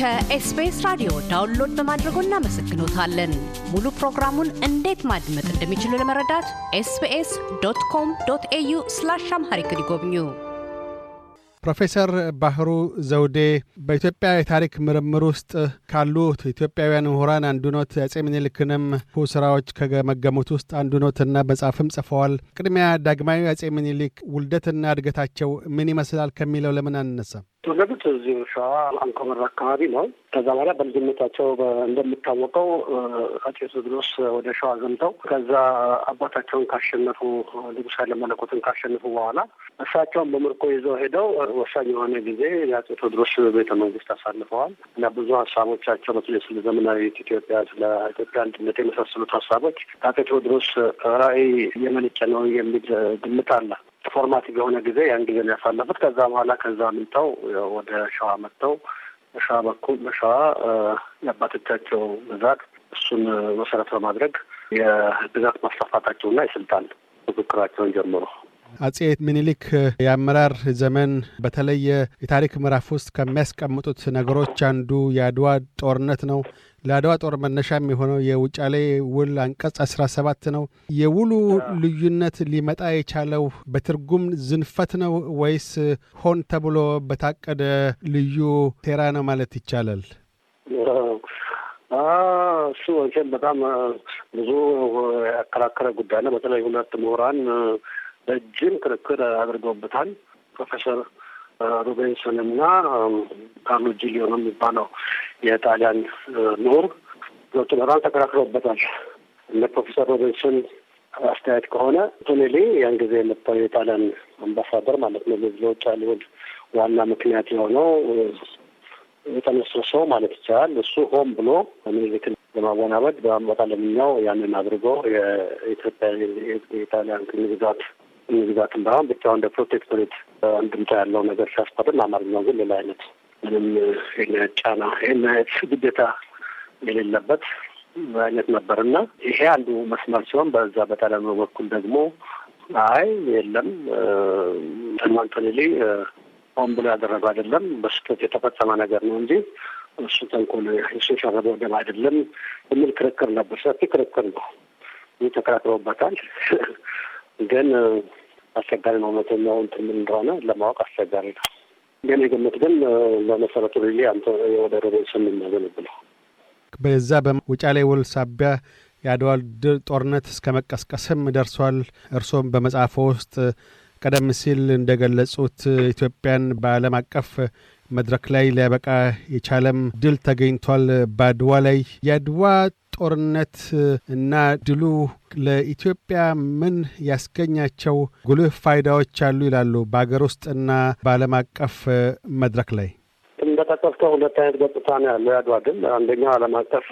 ከኤስቢኤስ ራዲዮ ዳውንሎድ በማድረጎ እናመሰግኖታለን። ሙሉ ፕሮግራሙን እንዴት ማድመጥ እንደሚችሉ ለመረዳት ኤስቢኤስ ዶት ኮም ዶት ኤዩ ስላሽ አምሃሪክ ይጎብኙ። ፕሮፌሰር ባህሩ ዘውዴ በኢትዮጵያ የታሪክ ምርምር ውስጥ ካሉ ኢትዮጵያውያን ምሁራን አንዱ ኖት። አጼ ምኒልክንም ስራዎች ከመገሙት ውስጥ አንዱ ኖትና በጻፍም ጽፈዋል። ቅድሚያ ዳግማዊ አጼ ምኒልክ ውልደትና እድገታቸው ምን ይመስላል ከሚለው ለምን አንነሳም? የተወለዱት እዚሁ ሸዋ አንኮበር አካባቢ ነው። ከዛ በኋላ በልጅነታቸው እንደሚታወቀው አጼ ቴዎድሮስ ወደ ሸዋ ዘምተው ከዛ አባታቸውን ካሸነፉ ንጉሠ ለመለኮትን ካሸነፉ በኋላ እሳቸውን በምርኮ ይዘው ሄደው ወሳኝ የሆነ ጊዜ የአጼ ቴዎድሮስ ቤተ መንግስት አሳልፈዋል እና ብዙ ሀሳቦቻቸው በተለይ ስለ ዘመናዊት ኢትዮጵያ፣ ስለ ኢትዮጵያ አንድነት የመሳሰሉት ሀሳቦች ከአጼ ቴዎድሮስ ራዕይ የመነጨ ነው የሚል ግምት አለ። ፎርማቲቭ የሆነ ጊዜ ያን ጊዜ ነው ያሳለፉት። ከዛ በኋላ ከዛ ምንተው ወደ ሸዋ መጥተው በሸዋ በኩል በሸዋ የአባቶቻቸው ብዛት እሱን መሰረት በማድረግ የብዛት ማስፋፋታቸውና የስልጣን ምክክራቸውን ጀምሮ አጼ ምኒልክ የአመራር ዘመን በተለየ የታሪክ ምዕራፍ ውስጥ ከሚያስቀምጡት ነገሮች አንዱ የአድዋ ጦርነት ነው። ለአድዋ ጦር መነሻም የሆነው የውጫሌ ውል አንቀጽ 17 ነው። የውሉ ልዩነት ሊመጣ የቻለው በትርጉም ዝንፈት ነው ወይስ ሆን ተብሎ በታቀደ ልዩ ሴራ ነው ማለት ይቻላል? እሱ በጣም ብዙ ያከራከረ ጉዳይ ነው። በተለይ ሁለት ምሁራን ረጅም ክርክር አድርገውበታል። ፕሮፌሰር ሩቤንሰን እና ካርሎ ጂሊዮ ነው የሚባለው የጣሊያን ምሁር ሎቹ በጣም ተከራክረውበታል። እንደ ፕሮፌሰር ሮቤንሰን አስተያየት ከሆነ ቱኔሊ ያን ጊዜ የመጣው የጣሊያን አምባሳደር ማለት ነው ለዚህ ለውጭ ሊሆን ዋና ምክንያት የሆነው የተነሱ ሰው ማለት ይቻላል እሱ ሆም ብሎ ምኒልክን ለማወናበድ በጣም በጣለምኛው ያንን አድርጎ የኢትዮጵያ የጣሊያን ግዛት እንግዛትም ባይሆን ብቻ እንደ ፕሮቴክቶሬት አንድምታ ያለው ነገር ሲያስፈርም፣ አማርኛው ግን ሌላ አይነት ምንም የናየት ጫና አይነት ግዴታ የሌለበት አይነት ነበር እና ይሄ አንዱ መስመር ሲሆን በዛ በጣሊያኑ በኩል ደግሞ አይ የለም አንቶኔሊ ሆን ብሎ ያደረገው አይደለም፣ በስህተት የተፈጸመ ነገር ነው እንጂ እሱ ተንኮል እሱ የሸረበ ወደብ አይደለም የሚል ክርክር ነበር። ሰፊ ክርክር ነው። ይህ ተከራክረውበታል። ግን አስቸጋሪ ነው። መተኛው ትም እንደሆነ ለማወቅ አስቸጋሪ ነው። ግን የግምት ግን በመሰረቱ ል አንተ ወደ ስም የምናገለብለው በዛ በውጫሌ ውል ሳቢያ የአድዋ ድል ጦርነት እስከ መቀስቀስም ደርሷል። እርሶም በመጽሐፎ ውስጥ ቀደም ሲል እንደገለጹት ኢትዮጵያን በዓለም አቀፍ መድረክ ላይ ሊያበቃ የቻለም ድል ተገኝቷል በአድዋ ላይ የአድዋ ጦርነት እና ድሉ ለኢትዮጵያ ምን ያስገኛቸው ጉልህ ፋይዳዎች አሉ ይላሉ በሀገር ውስጥና በዓለም አቀፍ መድረክ ላይ እንደጠቀስከው ሁለት አይነት ገጽታ ነው ያለው የአድዋ ድል አንደኛው ዓለም አቀፍ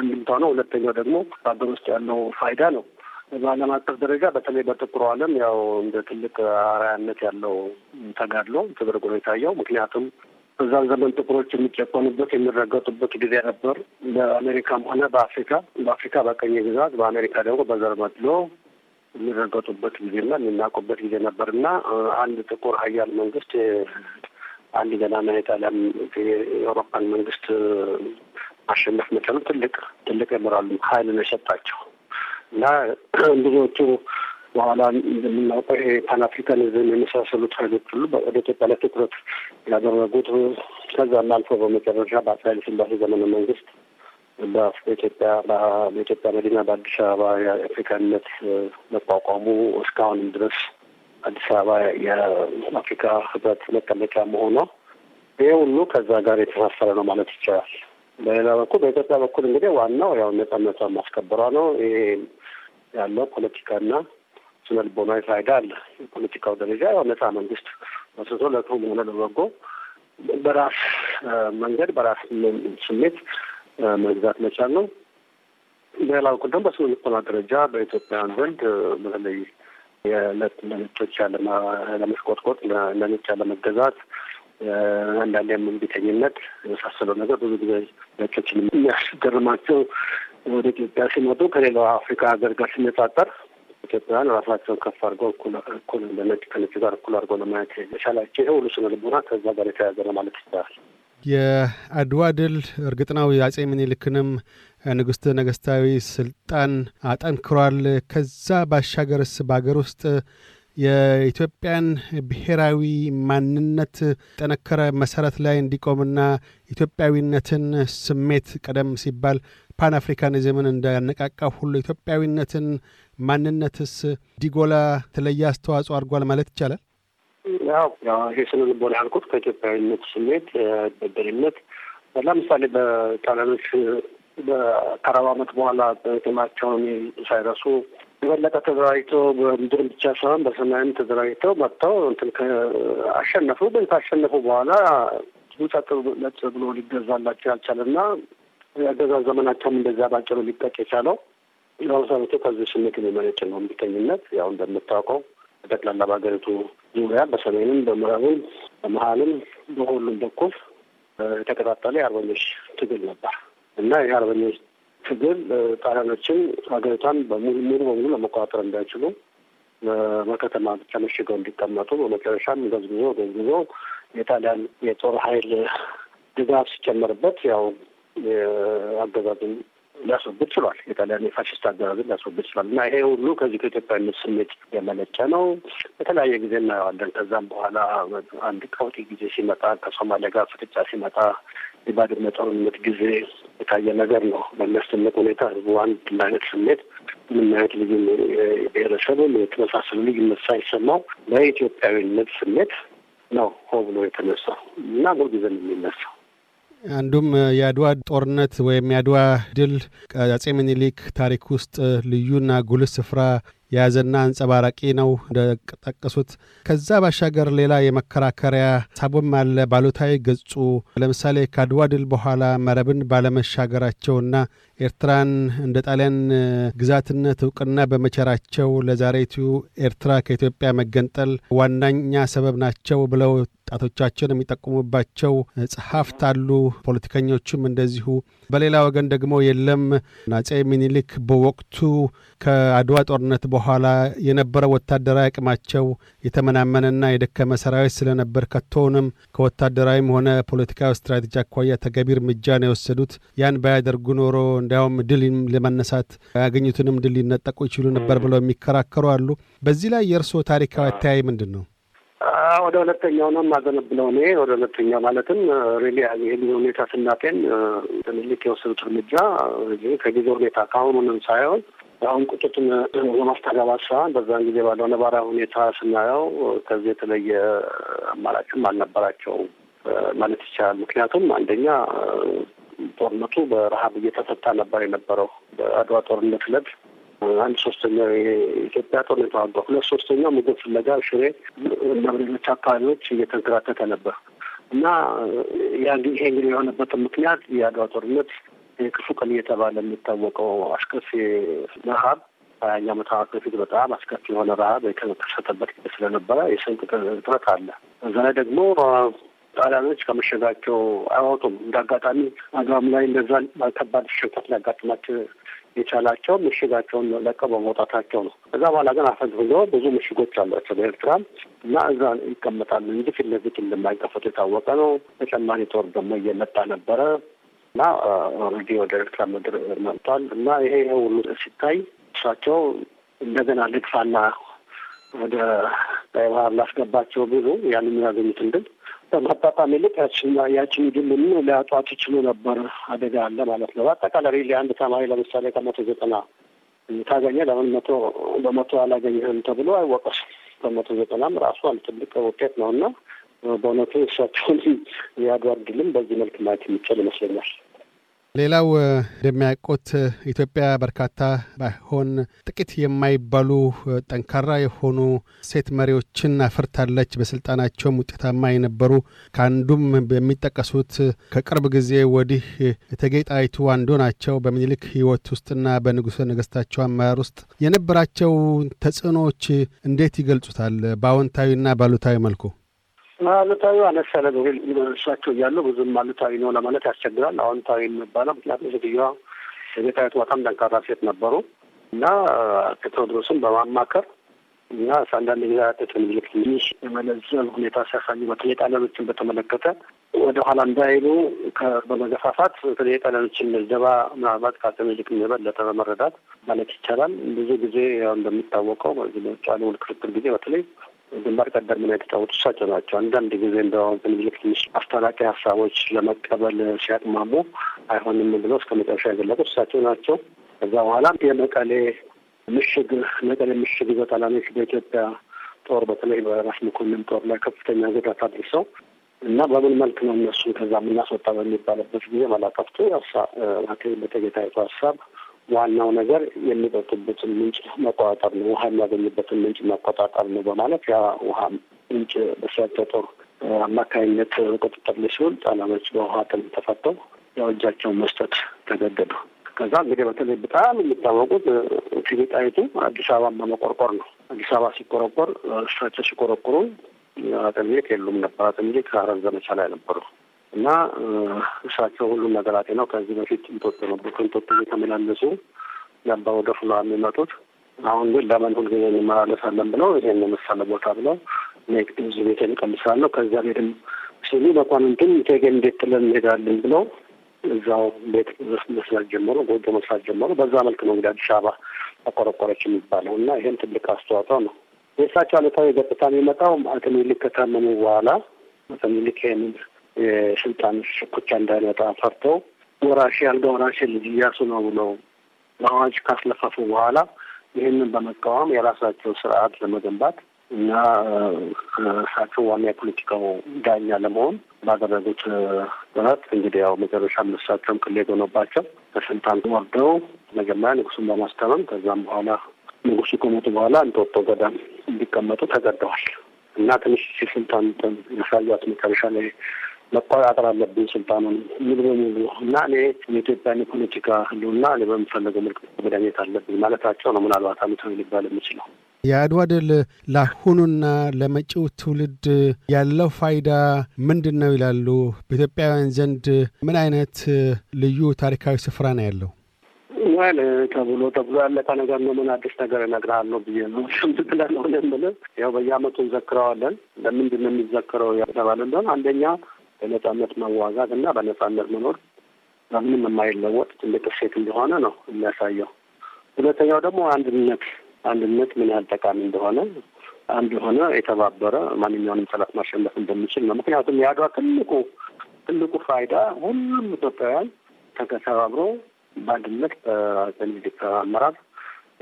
አንድምታ ነው ሁለተኛው ደግሞ በሀገር ውስጥ ያለው ፋይዳ ነው በዓለም አቀፍ ደረጃ በተለይ በጥቁሩ ዓለም ያው እንደ ትልቅ አርአያነት ያለው ተጋድሎ ተደርጎ ነው የታየው። ምክንያቱም በዛን ዘመን ጥቁሮች የሚጨቆኑበት የሚረገጡበት ጊዜ ነበር። በአሜሪካም ሆነ በአፍሪካ በአፍሪካ በቀኝ ግዛት፣ በአሜሪካ ደግሞ በዘር መድሎ የሚረገጡበት ጊዜና የሚናቁበት ጊዜ ነበር እና አንድ ጥቁር ሀያል መንግስት አንድ ገናና የጣሊያን የአውሮፓን መንግስት ማሸነፍ መቻሉ ትልቅ ትልቅ የሞራል ኃይል ነው የሰጣቸው። እና ብዙዎቹ በኋላ እንደምናውቀው ይሄ ፓንአፍሪካኒዝም የመሳሰሉት ኃይሎች ሁሉ ወደ ኢትዮጵያ ላይ ትኩረት ያደረጉት ከዛም አልፎ በመጨረሻ በአፄ ኃይለ ሥላሴ ዘመነ መንግስት በኢትዮጵያ በኢትዮጵያ መዲና በአዲስ አበባ የአፍሪካነት መቋቋሙ እስካሁንም ድረስ አዲስ አበባ የአፍሪካ ህብረት መቀመጫ መሆኗ ይሄ ሁሉ ከዛ ጋር የተሳሰረ ነው ማለት ይቻላል። በሌላ በኩል በኢትዮጵያ በኩል እንግዲህ ዋናው ያው ነጻነቷን ማስከበሯ ነው። ይሄ ያለው ፖለቲካና ስነ ልቦናዊ ፋይዳ አለ። የፖለቲካው ደረጃ ያው ነጻ መንግስት መስቶ ለክፉም ሆነ ለበጎ በራስ መንገድ በራስ ስሜት መግዛት መቻል ነው። በሌላ በኩል ደግሞ በስነ ልቦና ደረጃ በኢትዮጵያውያን ዘንድ በተለይ የዕለት ለነጮች ያለመሽቆጥቆጥ ለነጭ ያለመገዛት አንዳንድ እምቢተኝነት የመሳሰለው ነገር ብዙ ጊዜ ነጮችን የሚያስገርማቸው ወደ ኢትዮጵያ ሲመጡ ከሌላው አፍሪካ ሀገር ጋር ሲነጻጠር ኢትዮጵያውያን ራሳቸውን ከፍ አድርገው እኩል በነጭ ከነጭ ጋር እኩል አድርገው ለማየት የቻላቸው ይሄ ሁሉ ስነ ልቦና ከዛ ጋር የተያዘ ነው ማለት ይቻላል። የአድዋ ድል እርግጥ ነው የአጼ ምኒልክንም ንጉሥተ ነገሥታዊ ስልጣን አጠንክሯል። ከዛ ባሻገርስ በሀገር ውስጥ የኢትዮጵያን ብሔራዊ ማንነት ጠነከረ መሰረት ላይ እንዲቆምና ኢትዮጵያዊነትን ስሜት ቀደም ሲባል ፓን አፍሪካኒዝምን እንዳነቃቃ ሁሉ ኢትዮጵያዊነትን ማንነትስ ዲጎላ የተለየ አስተዋጽኦ አድርጓል ማለት ይቻላል። ያው ይሄ ስነ ልቦና ያልኩት ከኢትዮጵያዊነት ስሜት በደሪነት ለምሳሌ በጣሊያኖች ከአርባ ዓመት በኋላ ጥማቸውን ሳይረሱ የበለጠ ተደራጅቶ በምድር ብቻ ሳይሆን በሰማይም ተደራጅተው መጥተው እንትን አሸነፉ። ግን ካሸነፉ በኋላ ብዙ ጸጥ ለጥ ብሎ ሊገዛላቸው ያልቻለና የአገዛዝ ዘመናቸውም እንደዚያ ባጭሩ ሊጠቅ የቻለው የአውሳነቱ ከዚህ ስሜት የሚመነጭ ነው። እምቢተኝነት ያው እንደምታውቀው በጠቅላላ በሀገሪቱ ዙሪያ በሰሜንም፣ በምዕራብም፣ በመሀልም በሁሉም በኩል የተቀጣጠለ የአርበኞች ትግል ነበር እና የአርበኞች ትግል ጣሊያኖችን ሀገሪቷን በሙሉ ሙሉ በሙሉ ለመቆጣጠር እንዳይችሉ በከተማ ብቻ መሽገው እንዲቀመጡ በመጨረሻም ገዝግዞ ገዝግዞ የጣሊያን የጦር ኃይል ድጋፍ ሲጨመርበት ያው አገዛዝን ሊያስወግድ ችሏል። የጣሊያን የፋሽስት አገዛዝን ሊያስወግድ ችሏል እና ይሄ ሁሉ ከዚህ ከኢትዮጵያዊነት ስሜት የመለጨ ነው። በተለያየ ጊዜ እናየዋለን። ከዛም በኋላ አንድ ቀውጢ ጊዜ ሲመጣ ከሶማሊያ ጋር ፍጥጫ ሲመጣ የባድመ ጦርነት ጊዜ የታየ ነገር ነው። በሚያስደንቅ ሁኔታ ህዝቡ አንድ አይነት ስሜት ምንም አይነት ልዩ ብሔረሰብም የተመሳሰሉ ልዩነት ሳይሰማው በኢትዮጵያዊነት ስሜት ነው ሆ ብሎ የተነሳው እና ሁልጊዜ ነው የሚነሳው። አንዱም የአድዋ ጦርነት ወይም የአድዋ ድል አጼ ምኒልክ ታሪክ ውስጥ ልዩና ጉልህ ስፍራ የያዘና አንጸባራቂ ነው እንደጠቀሱት። ከዛ ባሻገር ሌላ የመከራከሪያ ሳቦም አለ። ባሉታዊ ገጹ ለምሳሌ ከአድዋ ድል በኋላ መረብን ባለመሻገራቸውና ኤርትራን እንደ ጣሊያን ግዛትነት እውቅና በመቸራቸው ለዛሬቱ ኤርትራ ከኢትዮጵያ መገንጠል ዋናኛ ሰበብ ናቸው ብለው ጣቶቻቸውን የሚጠቁሙባቸው ጸሐፍት አሉ። ፖለቲከኞቹም እንደዚሁ። በሌላ ወገን ደግሞ የለም አፄ ሚኒሊክ በወቅቱ ከአድዋ ጦርነት በኋላ የነበረው ወታደራዊ አቅማቸው የተመናመነና የደከመ ሰራዊት ስለነበር ከቶውንም ከወታደራዊም ሆነ ፖለቲካዊ ስትራቴጂ አኳያ ተገቢ እርምጃ ነው የወሰዱት። ያን ባያደርጉ ኖሮ እንዲያውም ድል ለመነሳት ያገኙትንም ድል ሊነጠቁ ይችሉ ነበር ብለው የሚከራከሩ አሉ። በዚህ ላይ የእርስዎ ታሪካዊ አተያይ ምንድን ነው? ወደ ሁለተኛው ነው የማዘነብለው እኔ ወደ ሁለተኛው ማለትም ሬሊ ይህን ሁኔታ ስናጤን ትንልቅ የወሰዱት እርምጃ ከጊዜ ሁኔታ ከአሁኑንም ሳይሆን አሁን ቁጡትን የማስተጋባት ስራ በዛን ጊዜ ባለው ነባራዊ ሁኔታ ስናየው ከዚህ የተለየ አማራጭም አልነበራቸውም ማለት ይቻላል። ምክንያቱም አንደኛ ጦርነቱ በረሀብ እየተፈታ ነበር የነበረው። በአድዋ ጦርነት ዕለት አንድ ሶስተኛው የኢትዮጵያ ጦርነት ነው ሁለት ሶስተኛው ምግብ ፍለጋ ሽሬ እና በሌሎች አካባቢዎች እየተንከራተተ ነበር እና ያ ይሄ እንግዲህ የሆነበትን ምክንያት የአድዋ ጦርነት የክፉ ቀን እየተባለ የሚታወቀው አስከፊ ረሀብ ሀያኛ ዓመት በፊት በጣም አስከፊ የሆነ ረሀብ የተከሰተበት ጊዜ ስለነበረ የስንቅ እጥረት አለ። እዛ ላይ ደግሞ ጣሊያኖች ከመሸጋቸው አያወጡም። እንደ አጋጣሚ አድዋም ላይ እንደዛ ባልከባድ ሽንፈት ሊያጋጥማቸው የቻላቸው ምሽጋቸውን ለቀው በመውጣታቸው ነው። ከዛ በኋላ ግን አፈግፍዞ ብዙ ምሽጎች አሏቸው በኤርትራ እና እዛ ይቀመጣሉ እንጂ ፊት ለፊት እንደማይቀፈጡ የታወቀ ነው። ተጨማሪ ጦር ደግሞ እየመጣ ነበረ እና ኦልሬዲ ወደ ኤርትራ ምድር መጥቷል እና ይሄ ይሄ ሁሉ ሲታይ እሳቸው እንደገና ልግፋና ወደ ባህር ላስገባቸው ብዙ ያንን ያገኙትን ድል ከማጣጣም ይልቅ ያችን ድልን ሊያጧት ይችሉ ነበር። አደጋ አለ ማለት ነው። በአጠቃላይ ሪሊ አንድ ተማሪ ለምሳሌ ከመቶ ዘጠና ታገኘ ለምን መቶ በመቶ አላገኘህም ተብሎ አይወቀስም። ከመቶ ዘጠናም ራሱ አንድ ትልቅ ውጤት ነው እና በእውነቱ እሳቸውን የአድዋ ድልን በዚህ መልክ ማየት የሚቻል ይመስለኛል። ሌላው እንደሚያውቁት ኢትዮጵያ በርካታ ባይሆን ጥቂት የማይባሉ ጠንካራ የሆኑ ሴት መሪዎችን አፍርታለች። በስልጣናቸውም ውጤታማ የነበሩ ከአንዱም በሚጠቀሱት ከቅርብ ጊዜ ወዲህ እቴጌ ጣይቱ አንዱ ናቸው። በምኒልክ ሕይወት ውስጥና በንጉሠ ነገሥታቸው አመራር ውስጥ የነበራቸው ተጽዕኖዎች እንዴት ይገልጹታል? በአዎንታዊና ባሉታዊ መልኩ አሉታዊ አነስ ያለ ነው ሊመልሷቸው እያለው ብዙም አሉታዊ ነው ለማለት ያስቸግራል። አዎንታዊ የሚባለው ምክንያቱም ሴትዮዋ የቤታዊቱ በጣም ጠንካራ ሴት ነበሩ እና ቴዎድሮስን በማማከር እና አንዳንድ ጊዜ ብልክ ትንሽ የመለዘብ ሁኔታ ሲያሳዩ በተለይ ጣሊያኖችን በተመለከተ ወደ ኋላ እንዳይሉ በመገፋፋት በተለይ ጣሊያኖችን መዝደባ ምናልባት ከአጤምኒልክ የበለጠ በመረዳት ማለት ይቻላል። ብዙ ጊዜ ያው እንደሚታወቀው በዚህ በውጭ ክርክር ጊዜ በተለይ ግንባር ቀደም ሚና የተጫወቱት እሳቸው ናቸው። አንዳንድ ጊዜ እንደውም ምኒልክ ትንሽ አስታራቂ ሀሳቦች ለመቀበል ሲያቅማሙ አይሆንም ብለው እስከ መጨረሻ የዘለቁት እሳቸው ናቸው። ከዛ በኋላ የመቀሌ ምሽግ መቀሌ ምሽግ በጣሊያኖች በኢትዮጵያ ጦር በተለይ በራስ መኮንን ጦር ላይ ከፍተኛ ጉዳት አድርሰው እና በምን መልክ ነው እነሱ ከዛ የምናስወጣ በሚባለበት ጊዜ መላከፍቱ ያሳ አቶ በተጌታይቱ ሀሳብ ዋናው ነገር የሚጠጡበትን ምንጭ መቆጣጠር ነው፣ ውሃ የሚያገኝበትን ምንጭ መቆጣጠር ነው በማለት ያ ውሃ ምንጭ በሻዕቢያ ጦር አማካኝነት ቁጥጥር ላይ ሲሆን ጣሊያኖች በውሃ ጥም ተፈተው ያው መስጠት ተገደዱ። ከዛ እንግዲህ በተለይ በጣም የሚታወቁት ፊሊጣይቱ አዲስ አበባን በመቆርቆር ነው። አዲስ አበባ ሲቆረቆር እሳቸው ሲቆረቁሩ አጥምዬ የሉም ነበር። አጥምዬ ከአረብ ዘመቻ ላይ ነበሩ። እና እሳቸው ሁሉም ነገር ነው። ከዚህ በፊት እንጦጦ ነበሩ። ከእንጦጦ የተመላለሱ ነበር ወደ ፍላ የሚመጡት። አሁን ግን ለምን ሁልጊዜ እንመላለሳለን ብለው ይሄን የመሰለ ቦታ ብለው እዚህ ቤቴን እቀልሳለሁ ከዚያ ቤትም ሲሉ መኳንንቱም እቴጌ እንዴት ጥለን እንሄዳለን ብለው እዛው ቤት መስራት ጀመሩ፣ ጎጆ መስራት ጀመሩ። በዛ መልክ ነው እንግዲህ አዲስ አበባ ተቆረቆረች የሚባለው እና ይህም ትልቅ አስተዋጽኦ ነው። የእሳቸው አለታዊ ገጽታ የሚመጣው አጤ ምኒልክ ከታመሙ በኋላ አጤ ምኒልክ ይህንን የስልጣን ሽኩቻ እንዳይመጣ ፈርተው ወራሽ ያልጋ ወራሽ ልጅ እያሱ ነው ብለው በአዋጅ ካስለፈፉ በኋላ ይህንን በመቃወም የራሳቸው ስርዓት ለመገንባት እና እሳቸው ዋና የፖለቲካው ዳኛ ለመሆን ባደረጉት ጥረት እንግዲህ ያው መጨረሻ እሳቸውም ቅሌት ሆኖባቸው ከስልጣን ወርደው መጀመሪያ ንጉሱን በማስተመም ከዛም በኋላ ንጉሱ ከሞቱ በኋላ እንጦጦ ገዳም እንዲቀመጡ ተገደዋል እና ትንሽ ስልጣን ያሳዩት መጨረሻ ላይ መቆጣጠር አለብን ስልጣኑን ሙሉ በሙሉ እና እኔ የኢትዮጵያን የፖለቲካ ህልውና እኔ በምፈለገው መልክ መዳኘት አለብኝ ማለታቸው ነው። ምናልባት አሉታዊ ሊባል የምችለው የአድዋ ድል ለአሁኑና ለመጪው ትውልድ ያለው ፋይዳ ምንድን ነው ይላሉ? በኢትዮጵያውያን ዘንድ ምን አይነት ልዩ ታሪካዊ ስፍራ ነው ያለው? ይሆናል ተብሎ ተብሎ ያለቀ ነገር ነው። ምን አዲስ ነገር እነግርሃለሁ ብዬ ነው ምትለሆነ ምል ያው በየአመቱ እንዘክረዋለን። ለምንድን ነው የሚዘክረው ያተባለ እንደሆነ አንደኛ ለነጻነት መዋጋት እና በነጻነት መኖር በምንም የማይለወጥ ትልቅ እሴት እንደሆነ ነው የሚያሳየው። ሁለተኛው ደግሞ አንድነት አንድነት ምን ያህል ጠቃሚ እንደሆነ አንድ የሆነ የተባበረ ማንኛውንም ጠላት ማሸነፍ እንደሚችል ነው። ምክንያቱም የአድዋ ትልቁ ትልቁ ፋይዳ ሁሉም ኢትዮጵያውያን ተከሰባብሮ በአንድነት በሚኒሊክ አመራር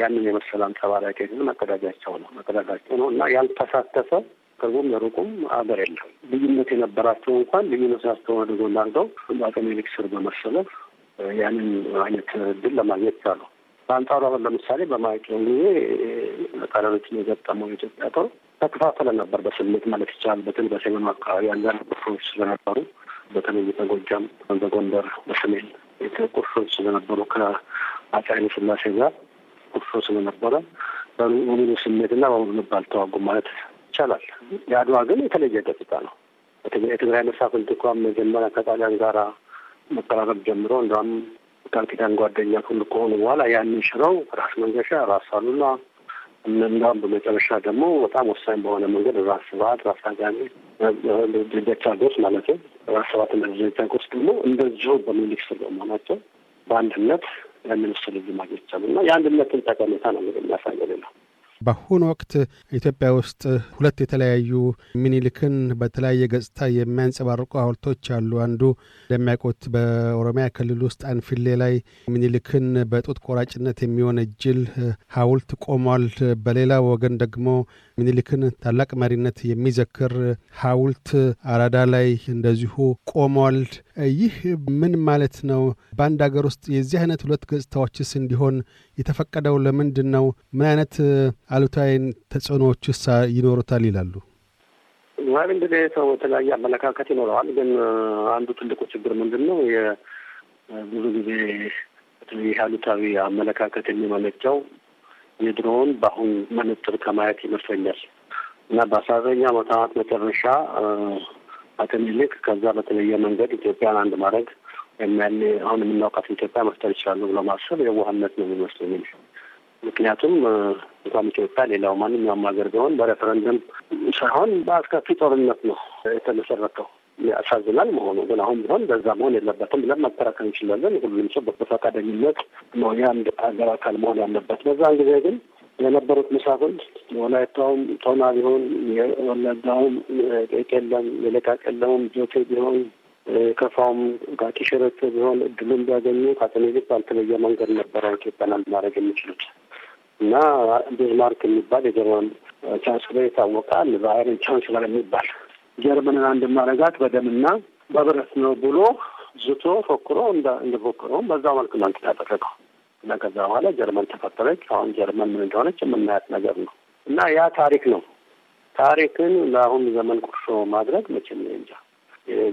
ያንን የመሰለ አንጸባራቂ ድል መቀዳጃቸው ነው መቀዳጃቸው ነው እና ያልተሳተፈ ለቅርቡም ለሩቁም አገር የለም። ልዩነት የነበራቸው እንኳን ልዩነታቸውን አድርጎ ላርገው በአጤ ምኒልክ ስር በመሰለፍ ያንን አይነት እድል ለማግኘት ቻሉ። በአንጻሩ አሁን ለምሳሌ በማዕከላዊ ጊዜ ቀረሮችን የገጠመው የኢትዮጵያ ጦር ተከፋፈለ ነበር በስሜት ማለት ይቻላል። በትል በሰሜኑ አካባቢ አንዳንድ ቁርሾች ስለነበሩ በተለይ በጎጃም፣ በጎንደር፣ በሰሜን ቁርሾች ስለነበሩ ከአፄ ኃይለ ሥላሴ ጋር ቁርሾ ስለነበረ በሙሉ ስሜትና በሙሉ ልብ አልተዋጉም ማለት ይቻላል። የአድዋ ግን የተለየ ገጽታ ነው። የትግራይ መሳፍንት እንኳን መጀመሪያ ከጣሊያን ጋራ መቀራረብ ጀምሮ እንዲም ቃል ኪዳን ጓደኛ ሁሉ ከሆኑ በኋላ ያንን ሽረው ራስ መንገሻ፣ ራስ አሉላ እንዲያውም በመጨረሻ ደግሞ በጣም ወሳኝ በሆነ መንገድ ራስ ስብሐት፣ ራስ አጋሜ፣ ጎስ ማለት ነው። ራስ እና ስብሐትና ጎስ ደግሞ እንደዚሁ በሚኒሊክ ስር በመሆናቸው በአንድነት ያንን ስልዝ ማግኘት ይቻሉ እና የአንድነትን ጠቀሜታ ነው የሚያሳየው ነው በአሁኑ ወቅት ኢትዮጵያ ውስጥ ሁለት የተለያዩ ምኒልክን በተለያየ ገጽታ የሚያንጸባርቁ ሀውልቶች አሉ። አንዱ እንደሚያውቁት በኦሮሚያ ክልል ውስጥ አንፊሌ ላይ ምኒልክን በጡት ቆራጭነት የሚወነጅል ሀውልት ቆሟል። በሌላ ወገን ደግሞ ምኒልክን ታላቅ መሪነት የሚዘክር ሐውልት አራዳ ላይ እንደዚሁ ቆሟል። ይህ ምን ማለት ነው? በአንድ አገር ውስጥ የዚህ አይነት ሁለት ገጽታዎችስ እንዲሆን የተፈቀደው ለምንድን ነው? ምን አይነት አሉታዊ ተጽዕኖዎችስ ይኖሩታል? ይላሉ። ይህ እንግዲህ ሰው የተለያየ አመለካከት ይኖረዋል። ግን አንዱ ትልቁ ችግር ምንድን ነው? ብዙ ጊዜ ይህ አሉታዊ አመለካከት የሚመነጨው የድሮውን በአሁን መነጽር ከማየት ይመስለኛል እና በአስራ ዘጠነኛ መጨረሻ አትን ከዛ በተለየ መንገድ ኢትዮጵያን አንድ ማድረግ ወይም ያኔ አሁን የምናውቃት ኢትዮጵያ መፍጠር ይችላሉ ብሎ ማሰብ የዋህነት ነው የሚመስለኝ። ምክንያቱም እንኳን ኢትዮጵያ ሌላው ማንኛውም ሀገር ቢሆን በሬፈረንደም ሳይሆን በአስከፊ ጦርነት ነው የተመሰረተው። ያሳዝናል መሆኑ ግን አሁን ቢሆን በዛ መሆን የለበትም ብለን መከራከር እንችላለን። ሁሉም ሰው በፈቃደኝነት ነው የአንድ ሀገር አካል መሆን ያለበት። በዛን ጊዜ ግን የነበሩት ምሳቶች ወላይታውም ቶና ቢሆን የወለዳውም ቄለም የለጋ ቄለሙም ጆቴ ቢሆን ከፋውም ጋቂሸረት ቢሆን እድሉን ቢያገኙ ከአቴኔሊክ ባልተለየ መንገድ ነበረ ኢትዮጵያን ማድረግ የሚችሉት እና ቤዝማርክ የሚባል የጀርመን ቻንስለር ይታወቃል። በአይረን ቻንስለር የሚባል ጀርመንን አንድ ማረጋት በደምና በብረት ነው ብሎ ዝቶ ፎክሮ እንደፎክረውም በዛው መልክ ነው ያደረገው። እና ከዛ በኋላ ጀርመን ተፈጠረች። አሁን ጀርመን ምን እንደሆነች የምናያት ነገር ነው እና ያ ታሪክ ነው። ታሪክን ለአሁን ዘመን ቁርሾ ማድረግ መቼም እንጃ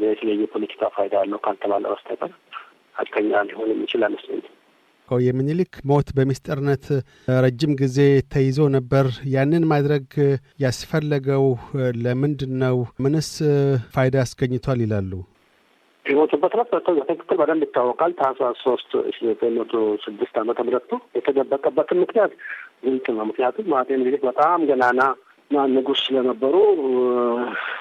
የተለየ ፖለቲካ ፋይዳ አለው ካልተባለ በስተቀር ሀቀኛ ሊሆን የሚችል አይመስለኝም። የሚኒሊክ ሞት በሚስጥርነት ረጅም ጊዜ ተይዞ ነበር። ያንን ማድረግ ያስፈለገው ለምንድን ነው? ምንስ ፋይዳ አስገኝቷል ይላሉ? የሞቱበት ዕለት በትክክል በደንብ ይታወቃል። ታህሳስ ሶስት ዘጠኝ መቶ ስድስት ዓመተ ምህረት የተደበቀበትን ምክንያት ግልጽ ነው። ምክንያቱም አጤ ምኒልክ በጣም ገናና እና ንጉስ ስለነበሩ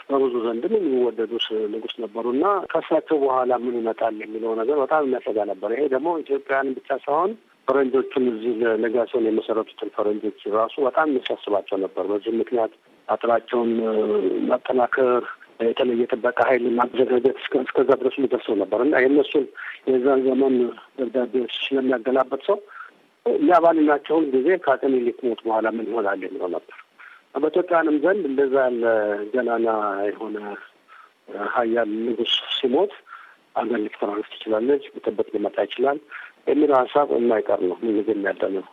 በብዙ ዘንድም የሚወደዱ ንጉስ ነበሩ እና ከእሳቸው በኋላ ምን ይመጣል የሚለው ነገር በጣም የሚያሰጋ ነበር። ይሄ ደግሞ ኢትዮጵያን ብቻ ሳይሆን ፈረንጆቹን እዚህ ለጋሲዮን የመሰረቱትን ፈረንጆች ራሱ በጣም የሚያሳስባቸው ነበር። በዚህ ምክንያት አጥራቸውን ማጠናከር የተለየ ጥበቃ ኃይል ማዘጋጀት እስከዛ ድረስ ሊደርሰው ነበር እና የእነሱን የዛን ዘመን ደብዳቤዎች ስለሚያገላበት ሰው ያባልናቸውን ጊዜ ከአፄ ምኒልክ ሞት በኋላ ምን ይሆናል የሚለው ነበር። በኢትዮጵያንም ዘንድ እንደዛ ያለ ገናና የሆነ ሀያል ንጉስ ሲሞት አገር ልትፈራርስ ትችላለች፣ ብጥብጥ ሊመጣ ይችላል የሚለው ሀሳብ የማይቀር ነው። ምን የሚያደነው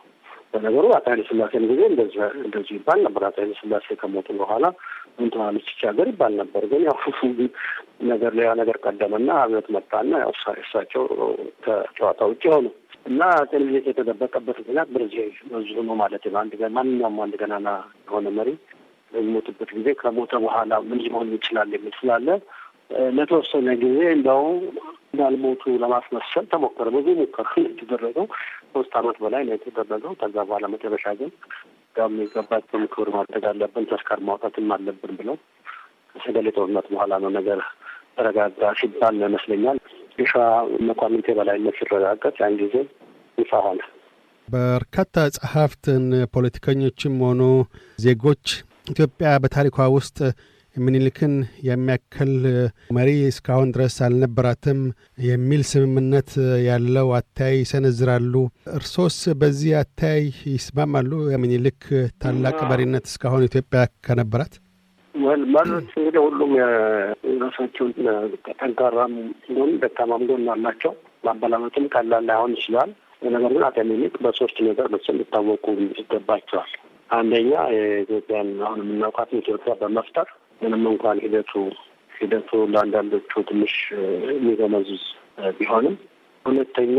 በነገሩ አቶ ኃይለ ስላሴን ጊዜ እንደዚሁ ይባል ነበር። አቶ ኃይለ ስላሴ ከሞቱ በኋላ ምን ትሆናለች ይህች ሀገር ይባል ነበር። ግን ያው ነገር ሌላ ነገር ቀደመና አብዮት መጣና ያው እሳቸው ከጨዋታ ውጭ ሆኑ እና አፄ የተደበቀበት ምክንያት በዚህ በዙ ሆኖ ማለት ነው። አንድ ማንኛውም አንድ ገናና የሆነ መሪ በሚሞትበት ጊዜ ከሞተ በኋላ ምን ሊሆን ይችላል የሚል ስላለ ለተወሰነ ጊዜ እንደው እንዳልሞቱ ለማስመሰል ተሞከረ። ብዙ ሙከራ የተደረገው ሶስት አመት በላይ ነው የተደረገው። ከዛ በኋላ መጨረሻ ግን ያም የገባቸውን ክብር ማድረግ አለብን፣ ተስካር ማውጣትም አለብን ብለው ከሰገሌ ጦርነት በኋላ ነው ነገር ተረጋጋ ሲባል ነው ይመስለኛል የሸዋ መኳንንቴ በላይነት ሲረጋገጥ ያን ጊዜ ይፋ ሆነ። በርካታ ጸሐፍትን ፖለቲከኞችም ሆኑ ዜጎች ኢትዮጵያ በታሪኳ ውስጥ ምኒልክን የሚያክል መሪ እስካሁን ድረስ አልነበራትም የሚል ስምምነት ያለው አታይ ይሰነዝራሉ። እርሶስ በዚህ አታይ ይስማማሉ? ምኒልክ ታላቅ መሪነት እስካሁን ኢትዮጵያ ከነበራት ማለት መሪዎች እንግዲህ ሁሉም የራሳቸውን ጠንካራም ጎን ደካማም ጎን አላቸው። ማበላመትም ቀላል ላይሆን ይችላል። ነገር ግን አጤ ምኒልክ በሶስት ነገር በስ ሊታወቁ ይገባቸዋል። አንደኛ የኢትዮጵያን አሁን የምናውቃትን ኢትዮጵያ በመፍጠር ምንም እንኳን ሂደቱ ሂደቱ ለአንዳንዶቹ ትንሽ የሚገመዝዝ ቢሆንም ሁለተኛ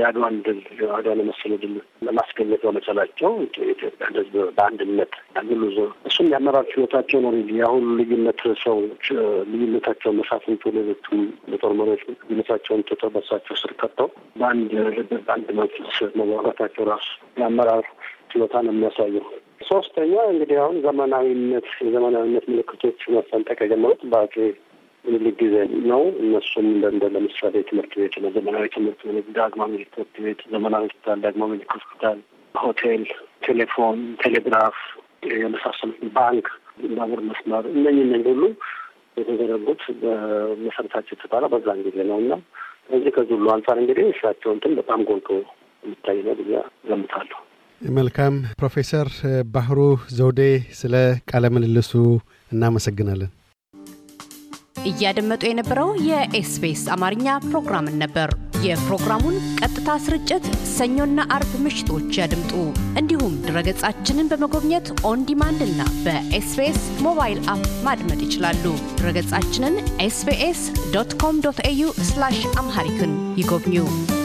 የአድዋን ድል አድዋን የመሰለ ድል ለማስገኘት በመቻላቸው ኢትዮጵያ ሕዝብ በአንድነት ያገሉ ዞ እሱም የአመራር ችሎታቸው ነው። የአሁኑ ልዩነት ሰው ልዩነታቸውን መሳፍንቱ ሌሎቹም የጦር መሪዎች ልዩነታቸውን ትተው በሳቸው ስር ከተው በአንድ ልብ በአንድ መንፈስ መዋጋታቸው ራሱ የአመራር ችሎታን የሚያሳየው ሶስተኛ እንግዲህ አሁን ዘመናዊነት የዘመናዊነት ምልክቶች መፈንጠቅ የጀመሩት በአጼ ምኒልክ ጊዜ ነው። እነሱም እንደ ለምሳሌ ትምህርት ቤት ነው፣ ዘመናዊ ትምህርት ቤት፣ ዳግማ ምኒልክ ትምህርት ቤት፣ ዘመናዊ ሆስፒታል፣ ዳግማ ምኒልክ ሆስፒታል፣ ሆቴል፣ ቴሌፎን፣ ቴሌግራፍ የመሳሰሉት ባንክ፣ ባቡር መስመር እነኝህ እነኝ ሁሉ የተዘረጉት በመሰረታቸው የተባለ በዛን ጊዜ ነው እና ከዚህ ከዚህ ሁሉ አንጻር እንግዲህ እሳቸው እንትን በጣም ጎልቶ የሚታይ ነው ብዬ ገምታለሁ። መልካም ፕሮፌሰር ባህሩ ዘውዴ ስለ ቃለ ምልልሱ እናመሰግናለን። እያደመጡ የነበረው የኤስቢኤስ አማርኛ ፕሮግራምን ነበር። የፕሮግራሙን ቀጥታ ስርጭት ሰኞና አርብ ምሽቶች ያድምጡ። እንዲሁም ድረገጻችንን በመጎብኘት ኦን እና በኤስቢኤስ ሞባይል አፕ ማድመጥ ይችላሉ። ድረገጻችንን ኤስቢኤስ ዶት ኮም ዶት ኤዩ አምሃሪክን ይጎብኙ።